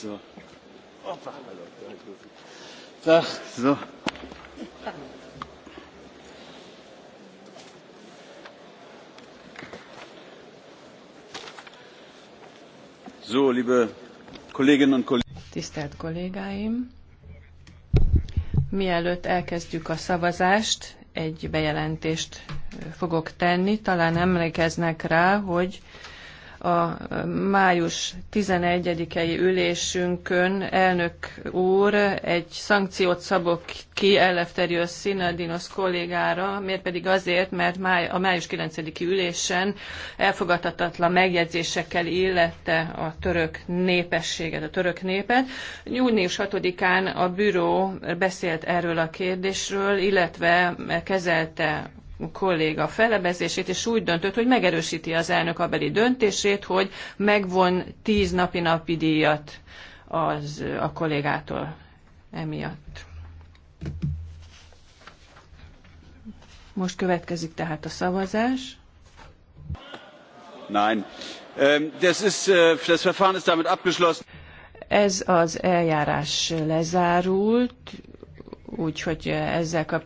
So. Opa. Ach, so. So, liebe Kolleginnen und Kollegen. Tisztelt kollégáim! Mielőtt elkezdjük a szavazást, egy bejelentést fogok tenni. Talán emlékeznek rá, hogy a május 11-i ülésünkön elnök úr egy szankciót szabok ki Elefterios Sinadinos kollégára, miért pedig azért, mert a május 9-i ülésen elfogadhatatlan megjegyzésekkel illette a török népességet, a török népet. Június 6-án a büró beszélt erről a kérdésről, illetve kezelte kolléga felebezését, és úgy döntött, hogy megerősíti az elnök abeli döntését, hogy megvon tíz napi napi díjat az, a kollégától emiatt. Most következik tehát a szavazás. Nein. Ähm, das, ist, äh, das Verfahren ist damit abgeschlossen. Ez az eljárás lezárult, úgyhogy äh, ezzel kapcsolatban.